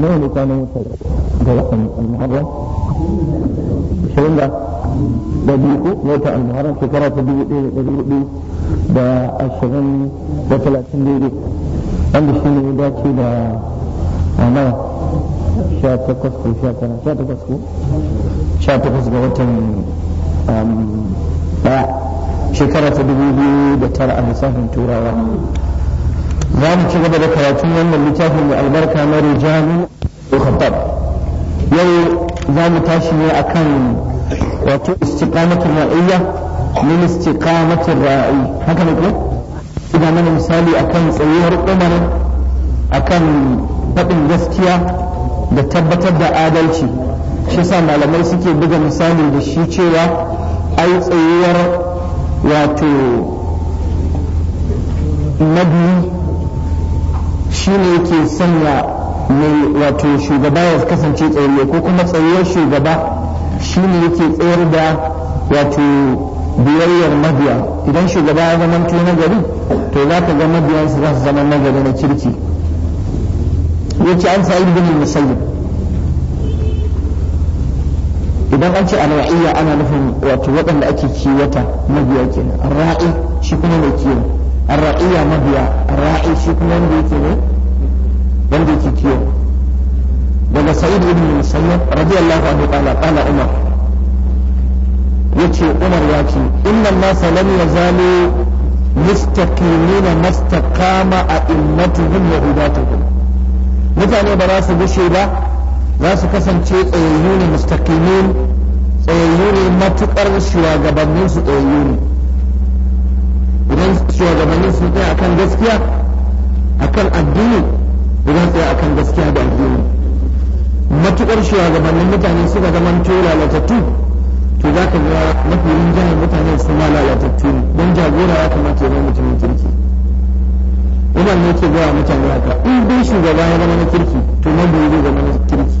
nawa ne kwanan wata da watan al-muharram shirin da da biyu ko wata al-muharram shekara ta dubu ɗaya da ɗari hudu da ashirin da talatin daidai wanda shi ne dace da nawa sha takwas ko sha tara sha takwas ko sha takwas ga watan um, ɗaya shekara ta dubu biyu da tara a lissafin turawa za mu ci gaba da karatun wannan littafin mai albarka na rijalun khattab yau za mu tashi ne akan wato istiqamatul ra'iyya min istiqamatul ra'i haka ne ko idan mana misali akan tsayuwar umar akan faɗin gaskiya da tabbatar da adalci shi sa malamai suke buga misali da shi cewa ai tsayuwar wato mabiyi shi ne yake sanya mai wato shugaba ya kasance tsayayye ko kuma tsayuwar shugaba shi ne yake tsayar da wato biyayyar mabiya idan shugaba ya zama na gari to za ka ga mabiyansa za su zama nagari na kirki yace an sa'id bin musayyib idan an ce alwa'iyya ana nufin wato waɗanda ake kiwata mabiya kenan ra'i shi kuma mai kiwo الرعية مبيا الراعي شيك من ديكي من ديكي كيو daga sa'id ibn musayyab radiyallahu anhu qala qala umar yace umar ya ce inna an-nas lam yazalu mustaqimina mastaqama a'immatuhum wa udatuhum mutane ba za su gushe ba za su kasance tsayayyu ne mustaqimin tsayayyu ne matukar shugabannin su tsayayyu ne idan shugabannin sun tsaya akan gaskiya akan addini idan tsaya akan gaskiya da addini matukar shugabannin mutane suka zama to lalatattu to za ka ga mafi rinjayen mutane su ma lalatattu ne don jagora ya kamata ya zama mutumin kirki ina ne ke gaya mutane haka in dai shugaba ya zama na kirki to mabiyi zai zama na kirki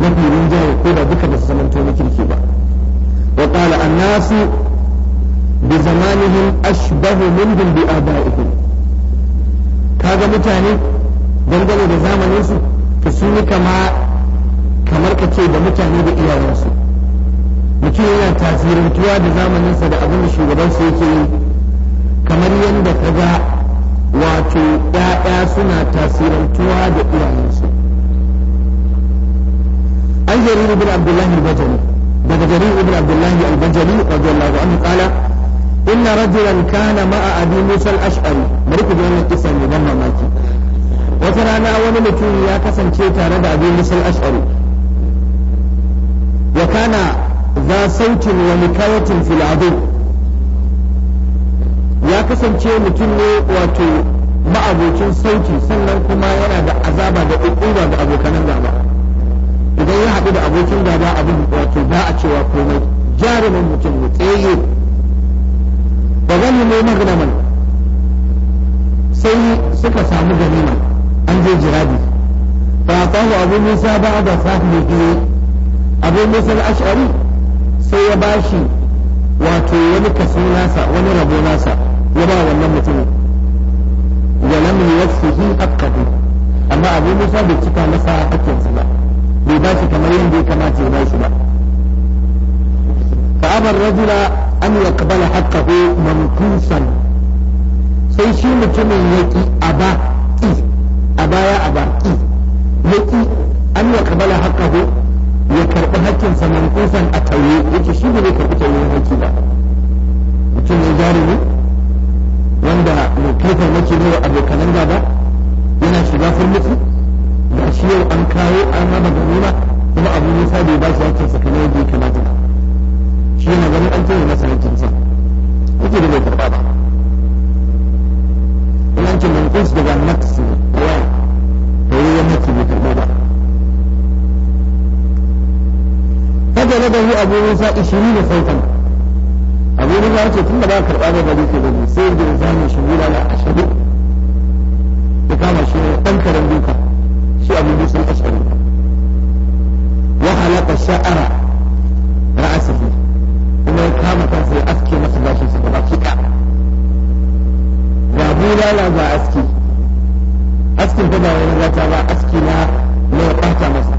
mafi rinjaye ko da duka da su zama to na kirki ba wa qala annasu بزمانهم أشبه منهم بآبائهم كذا متاني dangane da zamaninsu ta sun yi kama kamar ka ce da mutane da iyayensu mutum yana tasirantuwa da zamaninsa da abin da shugabansa yake yi kamar yadda ka ga wato ‘ya'ya suna tasirantuwa da iyayensu an jarir ibn abdullahi al-bajali daga jarir ibn abdullahi al-bajali radiyallahu anhu kala. inna rajulan kana ma'a abi musa al-ash'ari bari ku wannan ne ban mamaki wata rana wani mutum ya kasance tare da abi musa al-ash'ari wa kana za sautin wa mikayatin fil ya kasance mutum ne wato ma'abocin sauti sannan kuma yana da azaba da ukuba da abokanan gaba idan ya haɗu da abokin gaba abin wato ba a cewa komai jarumin mutum tsaye ba zani ne magnaman sai suka samu ganima an je jirabi fa tahu abu musa ba da sahibi abu musa al-ash'ari sai ya bashi wato wani kaso nasa wani rabo nasa ya ba wannan mutumin wa lam yuwaffihi haqqahu amma abu musa bai cika masa hakkinsa ba bai ba shi kamar yadda ya kamata ya ba shi ba fa abar rajula an ya yaqbala ko mankusan sai shi mutumin yaki aba ki aba ya aba ki ki an ya yaqbala ko ya karɓi hakkin sa mankusan a tauye yake shi ne ka fita tauye haki ba mutum ne wanda mai kaifar nake ne wa abokanan gaba yana shiga furmuti ga shi yau an kawo an raba ganima kuma abu nisa bai ba shi hakkin sa kamar yadda ya kamata shi na ganin an tuni masa hankinsa yake da bai karba ba in an ce mankus daga nafsi ruwa to yi wani ki bai karba ba kaga na gani abu musa ishirin da sautan abu musa ya ce tun da ba karba ba gari ke gari sai da zama shi na ashirin ya kama shi ne ɗan karen duka shi abu musa ashirin wahala halaka sha'ara mutum sai aske masa gashi su gaba ki ga bulala ga aski askin ta ba wani gata ba aski na ne ɓata masa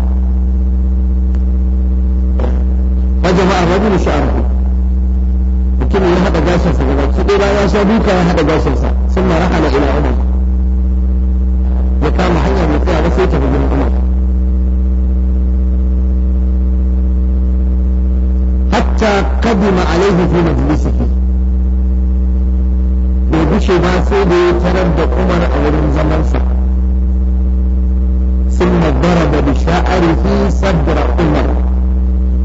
fa jama'a rajul sha'aru mutum ya haɗa gashinsa gaba ki ɗaya bayan ya sha duka ya haɗa gashinsa sun mara hala ila umar ya kama hanyar mutuwa ba sai ta bugin umar hatta kadima alaihi fi majlisihi bai gushe ba da ya tarar da umar a wurin zamansa sun magara da bisha'arihi sabdara umar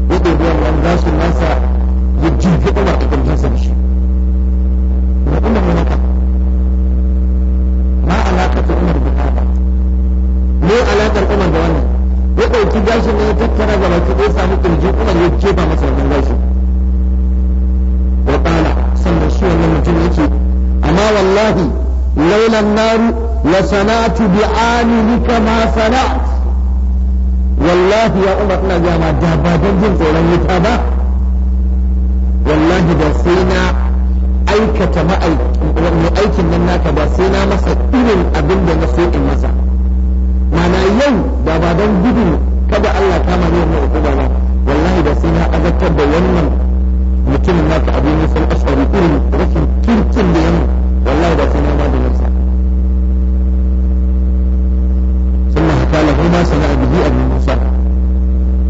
yadda ruwan za su nasa a ɗauki gashin ne ya tattara gaba ki ɗaya samu ƙirji umar ya jefa masa wannan gashin wa ƙala sannan shi wannan mutum yake amma wallahi lailan naru la sana'atu bi amilika ma sana'at wallahi ya umar ina ga da ba jin tsoron wuta ba wallahi da sai na aikata aikin nan naka ba sai na masa irin abin da na so in masa mana yau da ba gudu. kada Allah kama ne mai hukuma ba wallahi da sai na azabtar da wannan mutumin naka abin Musa al-Ashari irin rashin kirkin da yana wallahi da sai na ma da nasa sunna hakala huma sana'a bihi abin Musa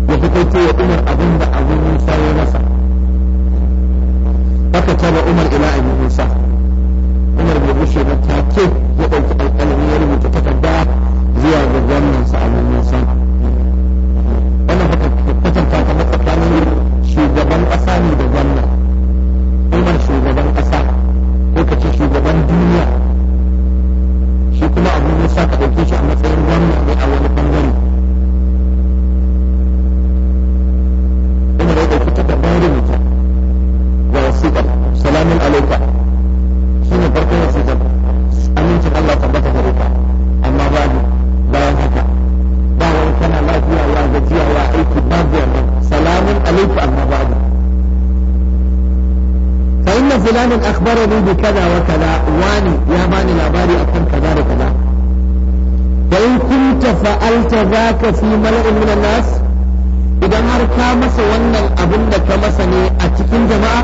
ya fi fito ya Umar abin da abin Musa ya nasa. haka ta ba Umar ila abin Musa Umar bai bushe ba take ya ɗauki alƙalami ya rubuta takarda zuwa ga gwamnan sa abin Musa imani da wannan ka fi mala'in minan nas idan har ka masa wannan abin da ka masa ne a cikin jama'a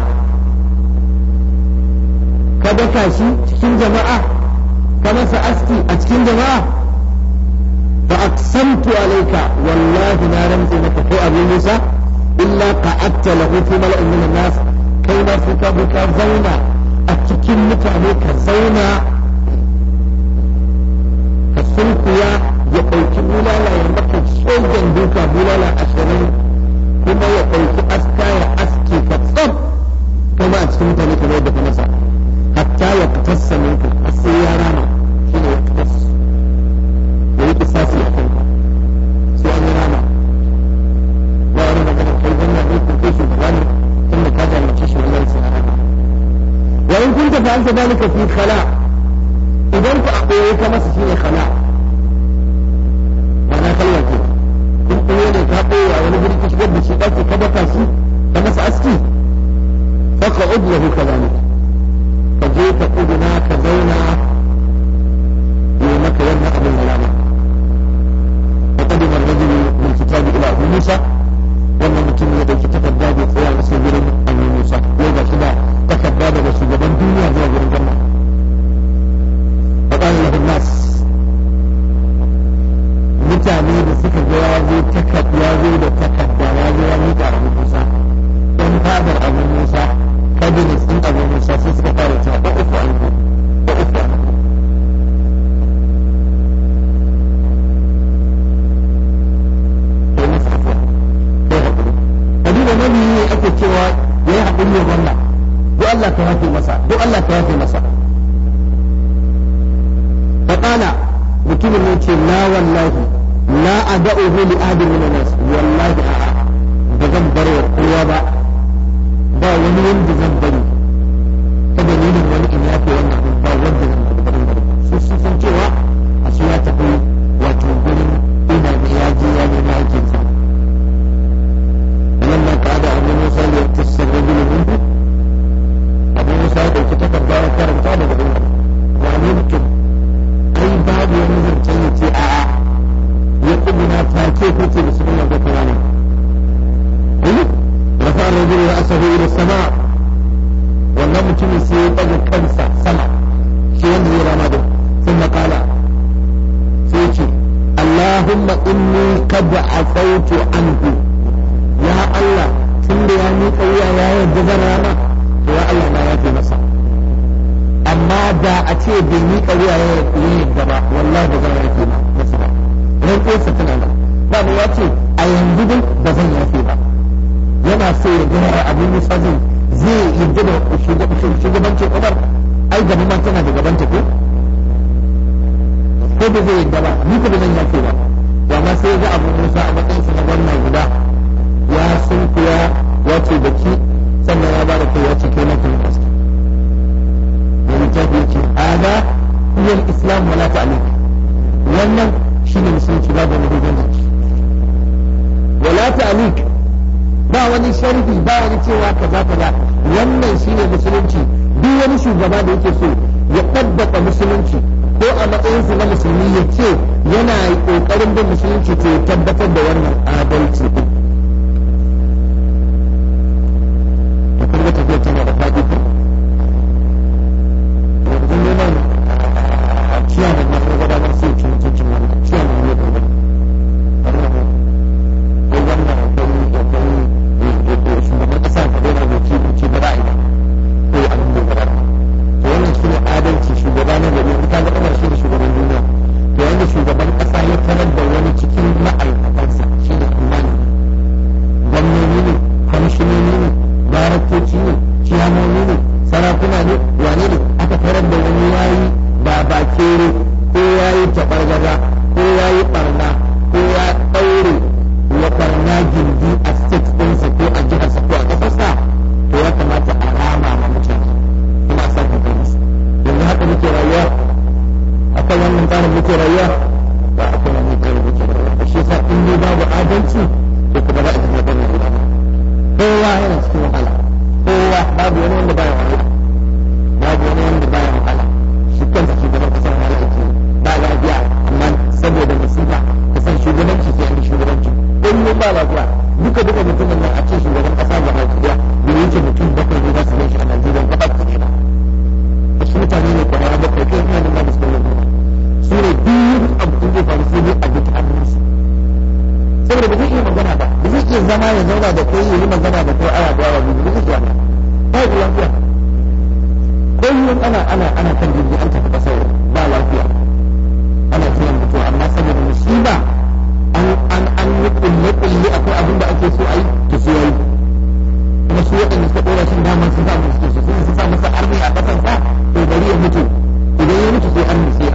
ka daka shi cikin jama'a ka masa aski a cikin jama'a fa aqsamtu alayka wallahi na rantsi maka ko abin musa illa qa'atta lahu fi mala'in minan nas kai na sai ka ka zauna a cikin mutane sharhi ba wani cewa kaza kaza wannan shine musulunci duk wani shugaba da yake so ya tabbata musulunci ko a su na musulmi ya ce yana ƙoƙarin bin musulunci to ya tabbatar da wannan adalci marowaci ne ciyamomi ne sarakuna ne wane ne aka tarar da wani yayi ba ba kere ko yayi tabargaza ko yayi barna ko ya daure wa barna gindi a state ɗinsa ko a jiharsa ko a ƙasarsa to ya kamata a rama ma mutane ina sa ka kai musu yanzu haka muke rayuwa akan wannan tsarin muke rayuwa ba a akan wannan tsarin muke rayuwa ba shi yasa in ne babu adalci to kuma za a ji na ɗan kowa yana cikin kowa babu wani wanda baya wahala babu wani wanda baya wahala shi kansa shugaban kasar wahala yake ba lafiya amma saboda musiba ka san shugabanci sai an shugabanci kullum ba lafiya duka duka mutumin nan a ce shugaban kasa ga baki daya bai wuce mutum bakwai ne za su gan shi a Najeriya ba ba ne ba shi mutane ne kwara bakwai kai ina da ma da suka su ne duk da faru sai dai a duk saboda ba zai iya magana ba ba zai iya zama ya zauna da kai ya yi magana da kai awa da awa biyu babu lafiya kullum ana ana ana kan jirgi an tafi kasar ba lafiya ana kiran mutum amma saboda musiba an an an yi kulle kulle akwai abin da ake so ayi to su yayi kuma su waɗanda suka ɗora shi dama sun sa mu suke so sun sa masa arni a kasan sa to bari ya mutu idan ya mutu sai an nutse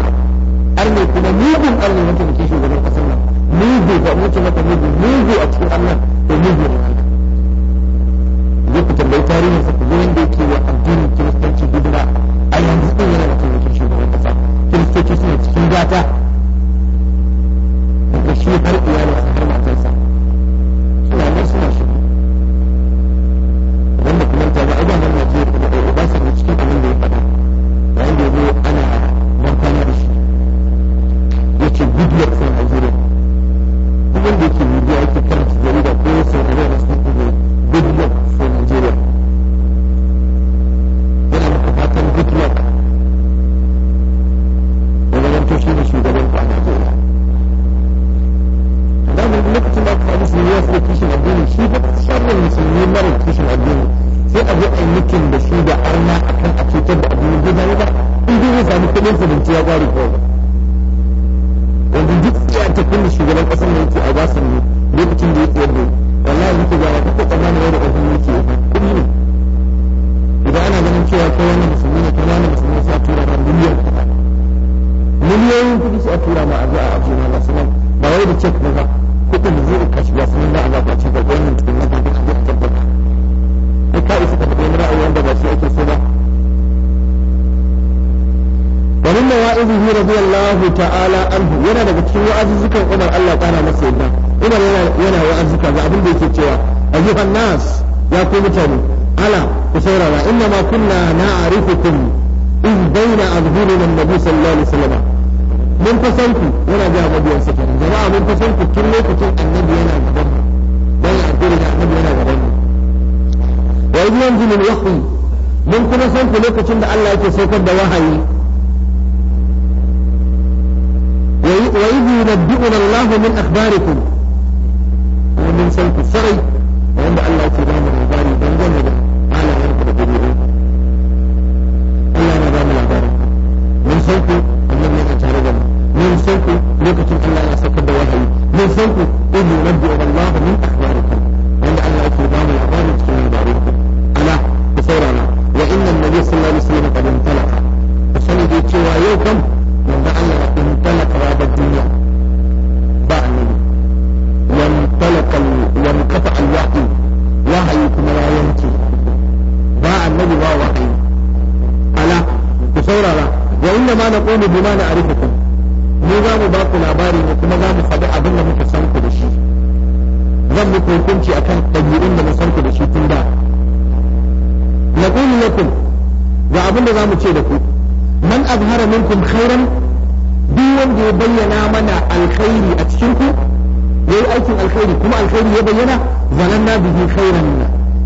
arni kuma mugun arni wanda muke shugaban kasar nan mugu ba mutu maka mugu mugu a cikin Allah to mugu ne je ku tambayi tarihin sa ku ga yanda yake wa addinin kiristanci hidima a yanzu din yana da taimakon shugaban kasa kiristoci suna cikin gata nas ya ku mutane ala ku saurara inna ma kunna na'rifukum in baina azhurina annabi sallallahu alaihi mun fasan ku yana ga mabiyan sa kenan jama'a mun fasan ku tun lokacin annabi yana gaban mu dan azhurina da annabi yana gaban mu wa idh yanzilu al-wahyi mun kuma san ku lokacin da Allah yake saukar da wahayi wa idh yunabbi'una Allah min mun san ku wanda Allah ke ba mu labari don gane da halayen ku da dabi'u Allah na ba labari mun san ku annabi yana tare da mu mun san ku lokacin Allah ya saukar da wahayi mun san ku na inna ma naqulu bima na'rifukum mu za mu ba ku labari ne kuma za mu faɗi abin da muka san ku da shi zan muku hukunci akan ɗabi'un da na san ku da shi tun da naqulu lakum ga abin da za mu ce da ku man azhara minkum khairan duk wanda ya bayyana mana alkhairi a cikin ku yayi aikin alkhairi kuma alkhairi ya bayyana zalanna bihi khairan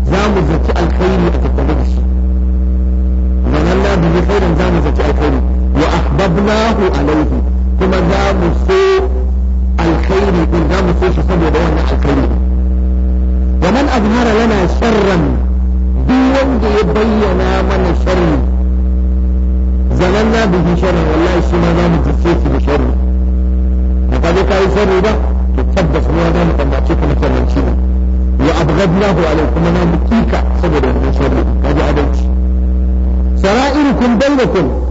za mu zaci alkhairi a tattare da shi zalanna bihi khairan za mu zaci alkhairi وأحببناه عليه كما دام سوء الخير كما دام سوء شسم يدوانا الخير ومن أظهر لنا شرا دون يبين من شر زمنا به شر والله سمى دام تسيس بشر فقد كان شر ده تتبس هو دام كما تشكل شر وأبغضناه عليكم أنا كيكا صدر من شر هذا عدد سرائركم بينكم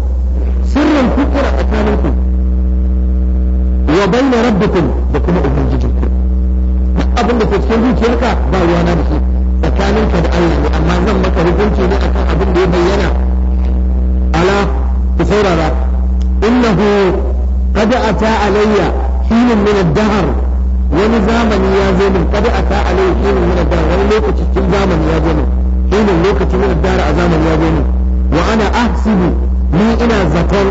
sirrin kuskura tsakanin ku wa bayna rabbikum da kuma ubangijin ku abin da ke cikin zuciyarka ba ruwa na da shi tsakaninka da Allah ne amma zan maka hukunci ne akan abin da ya bayyana ala ku saurara innahu qad ata alayya hilun min ad-dahr wani zamani ya zo min qad ata alayya hilun min ad wani lokaci cikin zamani ya zo min hilun lokacin min a zamani ya zo min wa ana ahsibu ni ina zaton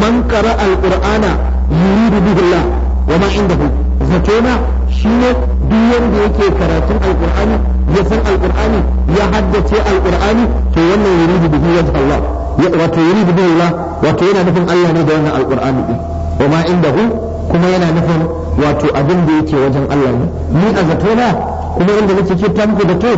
man qara alqur'ana yuridu bihillah wa ma indahu zatona shine duk wanda yake karatun alqur'ani ya san alqur'ani ya haddace alqur'ani to wannan yuridu bihi wajh Allah wato yuridu wato yana nufin Allah ne da wannan alqur'ani din wa ma kuma yana nufin wato abin da yake wajen Allah ne ni a zatona kuma inda nake ke da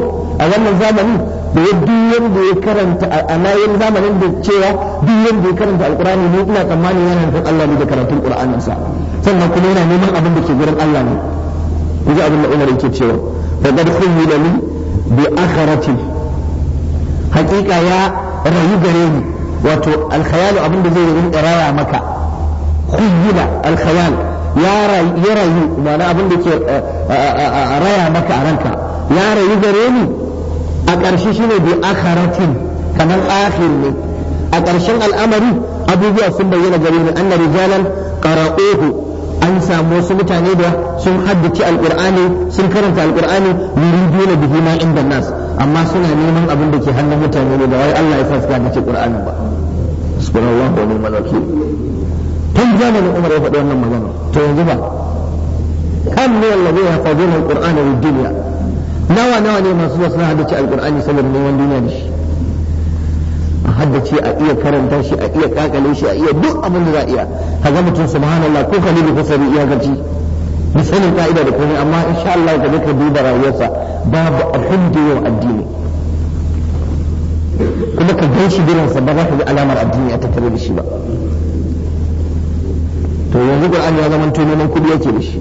a wannan zamani da duk wanda ya karanta a nayin zamanin da cewa duk wanda ya karanta alqur'ani ne ina tsammani yana da Allah ne da karatun qur'anin sa sannan kuma yana neman abin da ke gurin Allah ne yaji abin da Umar yake cewa fa qad khuyyila li bi akhirati Hakika ya rayu gare ni wato alkhayalu abin da zai rinka raya maka khuyyila alkhayal ya rayu ma'ana abin da ke eh, eh, eh, raya maka a ranka ya rayu gare ni a ƙarshe shi ne bi akharatin kamar akhir ne a ƙarshen al'amari abubuwa sun bayyana gare ni anna rijalan qara'uhu an samu wasu mutane da sun haddace alƙur'ani sun karanta alqur'ani yuriduna na bihima inda nas amma suna neman abin da ke hannun mutane ne da wai Allah ya sa su haddace qur'ani ba subhanallahu wa ni'mal wakil tun zamanin Umar ya faɗi wannan magana to yanzu ba kam ne alladhi yahfazuna alqur'ana lid duniya. nawa nawa ne masu zuwa suna haddace alkur'ani saboda neman duniya da shi a haddace a iya karanta shi a iya kakale shi a iya duk abin da za a iya kaga mutum subhanallah ko ko sabi iya gaji misalin ka'ida da komai amma insha Allah ka duka duba rayuwarsa babu a da yau addini kuma ka gan shi biransa ba za ka ga alamar addini a tattare da shi ba to yanzu qur'ani ya zama neman kudi yake da shi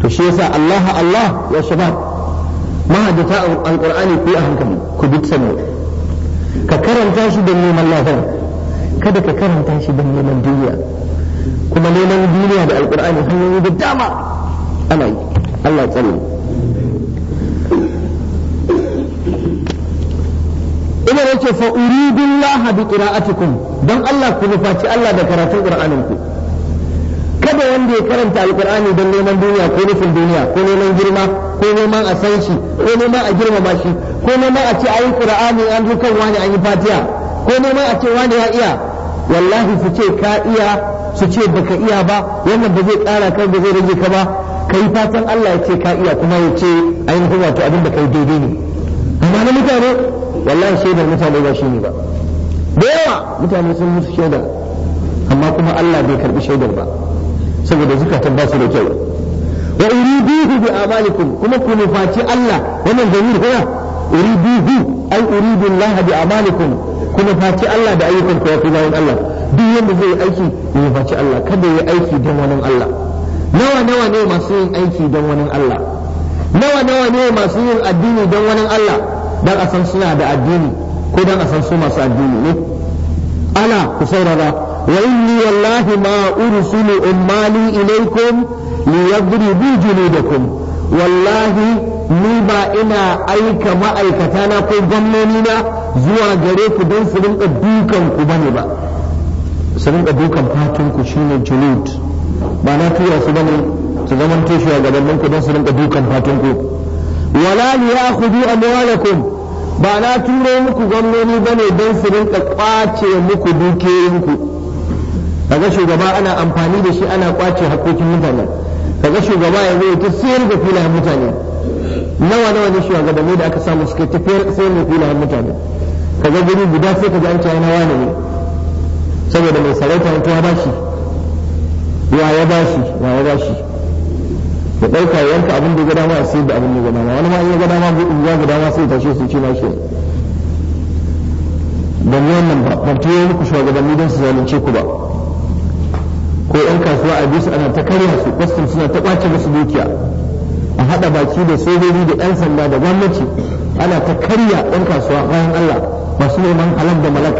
to shi yasa Allah Allah ya shabab mahadata alqur'ani ku a hankali ku bi sanu ka karanta shi don neman lafiya kada ka karanta shi don neman duniya kuma neman duniya da alqur'ani hanyoyi da dama ana yi Allah tsare ina yake fa uridu bi qira'atikum dan Allah ku nufaci Allah da karatun qur'aninku ku kada wanda ya karanta alkur'ani don neman duniya ko nufin duniya ko neman girma ko neman a san shi ko neman a girmama shi ko neman a ce ayi qur'ani an zo kan wani an yi fatiha ko neman a ce wani ya iya wallahi su ce ka iya su ce baka iya ba wannan ba zai kara kan ba zai rage ka ba kai fatan Allah ya ce ka iya kuma ya ce ainihin wato abin da kai daidai ne amma na mutane wallahi shaidar mutane ba shi ne ba da yawa mutane sun musu shaidar amma kuma Allah bai karbi shaidar ba saboda zukatan ba su da kyau wa uriduhu bi amalikum kuma ku nufaci Allah wannan dalil kuma bi? ai uridu Allah bi amalikum ku nufaci Allah da ayyukan ku yafi bayan Allah duk yanda zai aiki ya nufaci Allah kada ya aiki don wani Allah nawa nawa ne masu yin aiki don wani Allah nawa nawa ne masu yin addini don wani Allah dan a san suna da addini ko dan a san su masu addini ne ala ku saurara وإني والله ما أرسل أمالي إليكم ليضربوا جلودكم wallahi ni ba ina aika ma'aikatana ko na zuwa gare ku don su rinka dukan ku ne ba su rinka dukan fatan ku shine julud ba na tura su bane su zaman toshi a gabanin ku don su rinka dukan fatan ku wala li ya'khudhu amwalakum ba na turo muku gwamnoni bane don su rinka kwace muku dukiyoyin ku kaga shugaba ana amfani da shi ana kwace hakokin mutane kaga shugaba ya zo ta sayar da filayen mutane nawa nawa ne shugabanni da aka samu suka tafiyar sayar da filayen mutane kaga guri guda sai kaga an cewa nawa ne saboda mai sarauta in tuwa bashi ya ya bashi ya ya bashi da ɗauka yanka abin da ya gada ma sai da abin da ya gada ma wani ma ya gada ma ya gada ma sai tashi su ci ma shi ban yi wannan ba ban tuwo muku shugabanni don su zalunce ku ba ko yan kasuwa a bisu ana ta karya su kwastam suna ta ɓace musu dukiya a haɗa baki da sojoji da ɗan sanda da gwamnati ana ta karya yan kasuwa bayan Allah masu neman halal da malak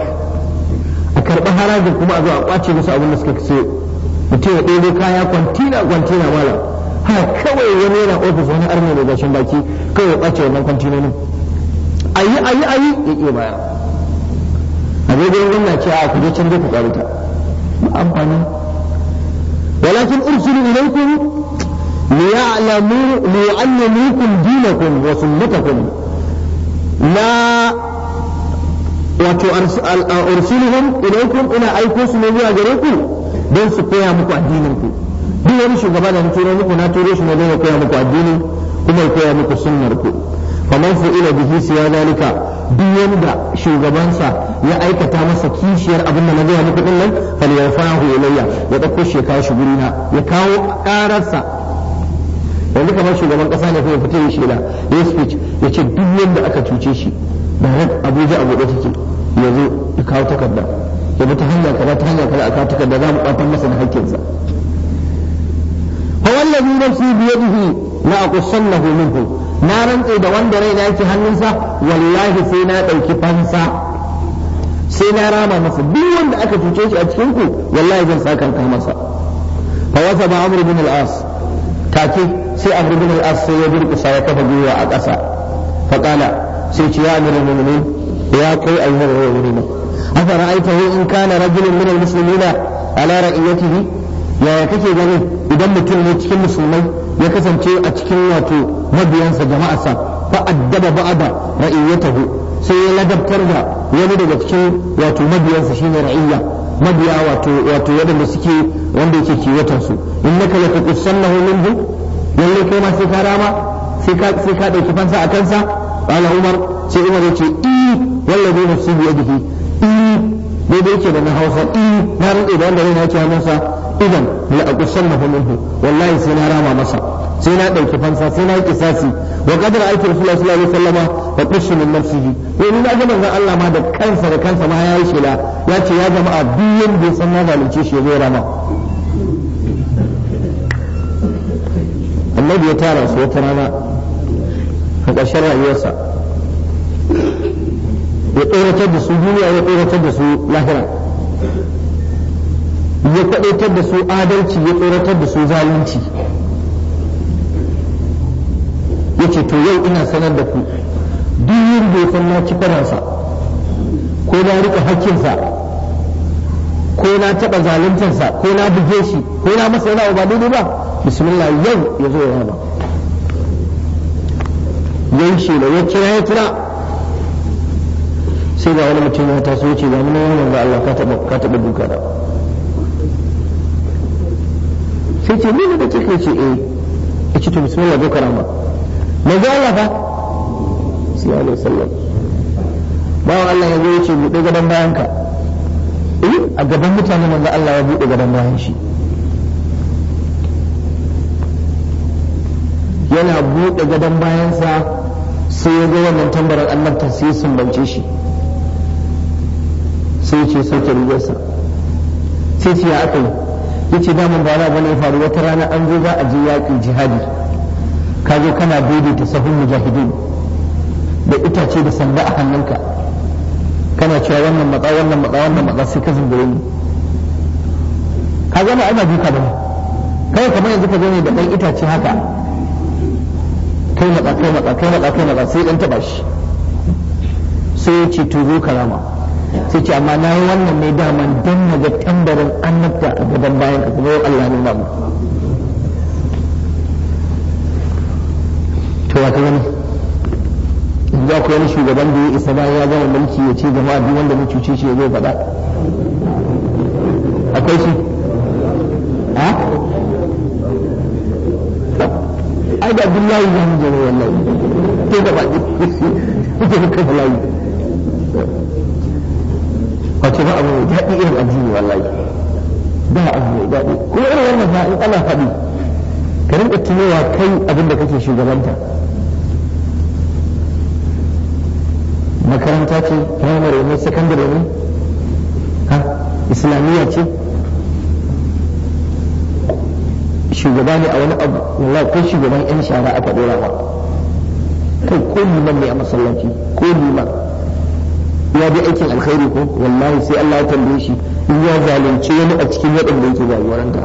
a karɓi harajin kuma a zo a ɓace musu abin da suka ce mutum ya ɗebo kaya kwantina kwantina mala ha kawai wani yana ofis wani arna mai gashin baki kawai ya ɓace wannan a ayi ayi ayi ya ƙi baya a daidai wannan ce a kuje can zai ku ƙaruta ba amfani ولكن أرسل إليكم ليعلموا ليعلموكم دينكم وسنتكم لا وأرسلهم إليكم إلى أي كوس من يأجركم دون سقيا مقدينكم دون شو قبلا نتورنكم نتورش من دون سقيا مقدينكم كما سقيا مقدينكم faman fu'ila bihi siya zalika duk wanda shugabansa ya aikata masa kishiyar abin da na gaya muku din nan fal fahu ilayya ya dauko shi kawo shi gurina ya kawo ƙararsa. yanzu kamar shugaban kasa ne kuma fita shi da ya speech ya ce duk wanda aka cuce shi da Abuja abu da take ya zo ya kawo takarda ya bi ta hanya kaza ta hanya kaza a kawo takarda za mu kwatar masa da hakkinsa fa wallazi nafsi biyadihi la aqussannahu minhu na rantse da wanda raina yake hannunsa wallahi sai na ɗauki fansa sai na rama masa duk wanda aka cuce shi a cikin ku wallahi zan sakan ka masa fa wasa ba amr bin al-as take sai amr bin al-as sai ya durkusa ya kafa gwiwa a ƙasa fa qala sai ce ya amirul mu'minin ya kai ayyuhal mu'minin afa ra'aytahu in kana rajulun min al-muslimina ala ra'iyatihi yaya kake ganin idan mutum ne cikin musulmai ya kasance a cikin wato mabiyansa jama'arsa fa addaba ba'da ra'iyatahu sai ya ladabtar da wani daga cikin wato mabiyansa shine ra'iyya mabiya wato wato wadanda suke wanda yake kiwatar su innaka la tuqsallahu minhu lalle kai ma sai ka rama sai ka sai ka dauki fansa a kansa qala umar sai umar yace i wallahi nafsi bi yadihi i dai yake da na hausa i na rade da wanda ne yake hannunsa idan la aqushannahu minhu wallahi sai na rama masa sai na dauki fansa sai na yi kisasi wa qad ra'aytu rasulullahi sallallahu alaihi wasallama wa qishu min nafsihi to ni na ga manzon Allah ma da kansa da kansa ma yi shela ya ce ya jama'a biyan bai san na zalunce shi zai rama annabi ya tara su wata rana a ƙarshen rayuwarsa ya tsoratar da su duniya ya tsoratar da su lahira ya kwadaitar da su adalci ya tsoratar da su zalunci ya ce to yau ina sanar da ku duk yin ya na ci karansa ko na rika hakkinsa ko na taɓa zaluntarsa ko na buge shi ko na masa yana ba daidai ba bismillah yau ya zo ya yan shi da ya kira ya kira sai ga wani mutum ya taso ya ce ga mun yana da Allah ka taɓa ka taɓa duka sai ce ni ne da kike ce eh ya ce to bismillah zo karama manzo Allah ba. sallallahu alaihi wasallam Ba Allah ya zo ya ce gadon bayan ka eh a gaban mutane manzo Allah ya buɗe gadon bayan shi yana buɗe gadon sa, sai ya ga wannan tambarar annabta sai ya sumbance shi sai ce sauke rigarsa sai ce ya aka yi yace daman ba na bane ya faru wata rana an zo za a je yaƙi jihadi ka zo kana daidaita sahun mujahidin da itace da sanda a hannunka kana cewa wannan matsa wannan matsa wannan matsa sai ka zumbure ni ka zama ana duka ba kai kamar yanzu ka zo ne da ɗan itace haka kai matsa kai matsa kai matsa kai matsa sai ɗan taɓa shi sai ya ce to zo karama sai ce amma na yi wannan ne dama don na ga tambarin annabta a gaban bayan ka kuma Allah ne mu to wata wani za ku wani shugaban da ya isa bayan ya gama mulki ya ce jama'a duk wanda mu cuce shi ya zo faɗa akwai shi ai da layi ya mu jere wallahi to da ba ku layi wace ba abu mai daɗi irin addini wallahi ba abu mai daɗi ko irin wannan ba in ana faɗi ka rinka tunowa kai abin da kake shugabanta makaranta ce primary ne secondary ne ha islamiyya ce shugaba ne a wani abu wallahi kai shugaban yan shara aka dora ba kai ko liman ne a masallaci ko liman ya bi aikin alkhairi ko wallahi sai Allah ya tambaye shi in ya zalunce wani a cikin waɗanda yake jagoranta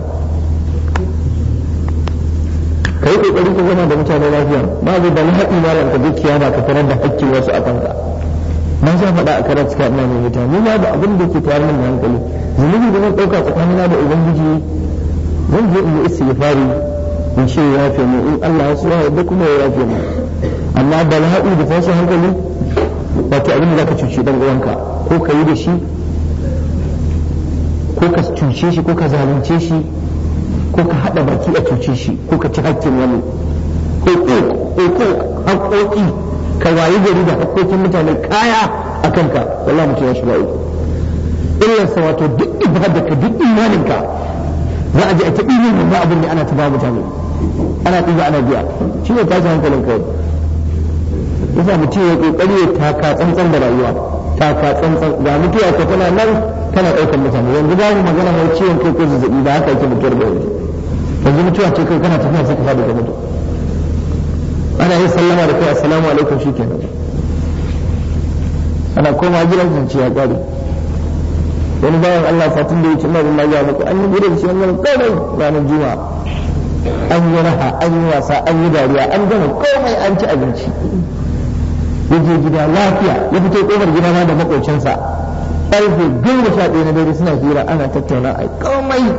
kai kokari ko zama da mutane lafiya ba zai da haɗi malam ka dukiya ba ka tarar da hakkin wasu a kanka na sha faɗa a karar cika ina mai ni ba da abin da ke tayar min hankali zunubi da zan ɗauka tsakanina da ubangiji zan je in yi istighfari in ce ya fi mu in Allah ya so da kuma ya fi mu amma lahadi da tashin hankali wato abin da zaka cuce don uwanka ko ka yi da shi ko ka cuce shi ko ka zalunce shi ko ka hada baki a cuce shi ko ka ci hakkin wani ko hakoki, ka wayi gari da haƙoƙin mutane kaya a kanka wallah mutum ya shiga uku illarsa wato duk ibadarka duk imaninka za a je a ta ɗimin wannan abin da ana ta ba mutane ana ɗiba ana biya shi ne tashin hankalin kawai yasa mutum ya kokari ya taka tsantsan da rayuwa taka tsantsan ga mutuwa ko tana nan tana daukar mutane yanzu mu magana mai ciwon kai ko zazzabi da haka yake mutuwar da yanzu yanzu mutuwa ce kai kana tafiya sai ka fada da mutu ana yin sallama da kai assalamu alaikum shikenan ana koma gidan zance ya kware wani bayan Allah fatin da ya yake ina da ya muku an yi gudu shi wannan kawai ranar juma'a an yi raha an yi wasa an yi dariya an gama komai an ci abinci ya gida lafiya ya fito kofar gida ma da makocinsa ƙarfe goma sha ɗaya na dare suna hira ana tattauna a komai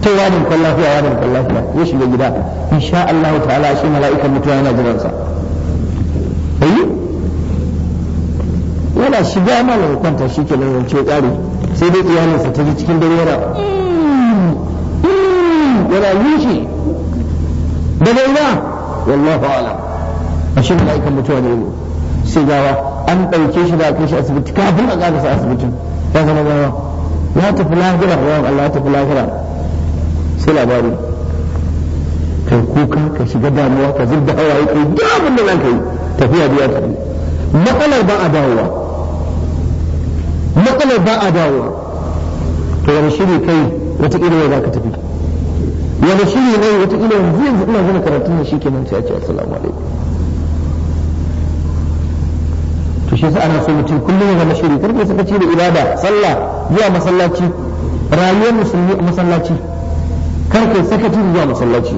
ta wadin kan lafiya wadin kan lafiya ya shiga gida insha Allah ta'ala shi mala'ikan mutuwa yana jiransa ayi yana shiga da kwanta shi ke nan zance tsari sai dai iyalinsa ta ji cikin dare yana hmm, hmm, yana yushe da dai ba wallahu a'lam ashe mala'ikan mutuwa ne ne shigawa an ɗauke shi da kai shi asibiti kafin a ƙarasa asibitin ya zama gawa ya tafi lahira yawan Allah ya tafi lahira sai labari kai kuka ka shiga damuwa ka zubda hawaye kai duk abin da zan kai tafiya biya yi matsalar ba a dawowa matsalar ba a dawowa to wani shiri kai wata irin za ka tafi wani shiri ne wata irin yanzu yanzu ina zina karatun da shi kenan sai a ce assalamu alaikum to shi yasa ana so mutum kullum ya zama shiri karfe sakaci da ibada sallah zuwa masallaci rayuwar musulmi a masallaci kar kai sakaci zuwa masallaci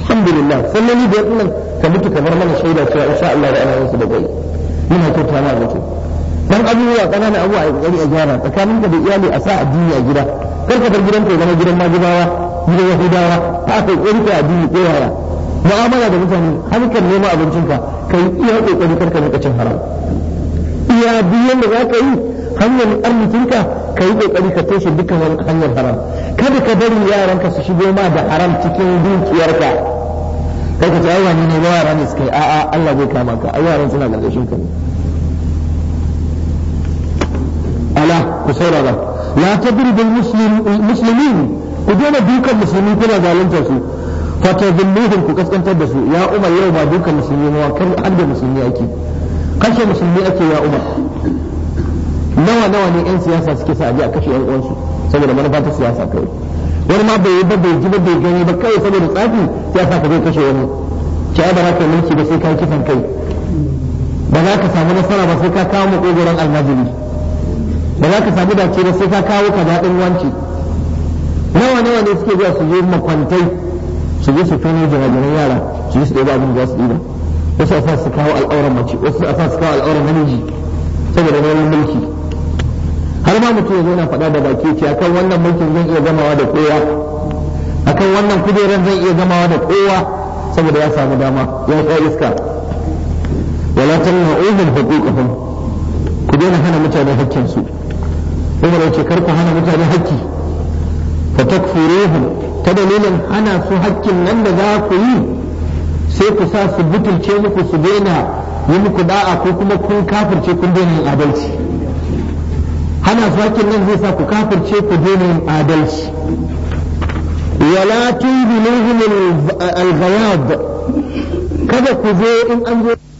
alhamdulillah sallani da yadda ka mutu kamar mana shaida cewa insha Allah da ana su da kai muna ta ma mutum dan abubuwa kananan abubuwa a kokari a gyara tsakanin ka da iyali a sa addini a gida kar ka bar gidan kai zama gidan majibawa gidan yahudawa ta kai kokari ka addini ko yaya mu'amala da mutane harkar neman abincinka kai iya kokari kar ka rinka cin haram iya duk yadda za ka yi hanyar arzikinka ka yi kokari ka toshe dukkan wani hanyar haram kada ka bari yaran ka su shigo ma da haram cikin dukiyarka kai ka ce ai wani ne yawa ranar suka yi a'a Allah zai kama ka ai yaran suna gargashin ka ne ala ku saurara la tadribul musulmi ku dona dukan musulmi kuna zalunta su fata zulmuhun ku kaskantar da su ya umar yau ba dukan musulmi ma kar har da musulmi ake kashe musulmi ake ya umar nawa nawa ne yan siyasa suke sa aje a kashe yan uwansu saboda manufa ta siyasa kawai wani ma bai ba bai ji ba bai gani ba kawai saboda tsafi siyasa ka zai kashe wani ki ba za ka mulki ba sai ka kifan kai ba za ka samu nasara ba sai ka kawo makogoron almajiri ba za ka samu dace ba sai ka kawo ka daɗin wanci nawa nawa ne suke zuwa su je makwantai su je su tono jiragen yara su je su ɗaya abin da za su ɗiba wasu a sa su kawo al'auran mace wasu a sa su kawo al'auran namiji saboda neman mulki har ma mutum yanzu yana faɗa da baki ce akan wannan mulkin zan iya gamawa da kowa akan wannan kujerar zan iya gamawa da kowa saboda ya samu dama ya sha iska wala tanma'udun huquqahum ku daina hana mutane hakkin su Umar ya ce kar ku hana mutane hakki fa takfuruhum ta dalilin hana su hakkin nan da za ku yi sai ku sa su butulce muku su daina yi muku da'a ko kuma kun kafirce kun daina yin adalci hana su nan zai sa ku kafirce ku daina yin adalci wala tunziluhum al-ghayab kada ku zo in an zo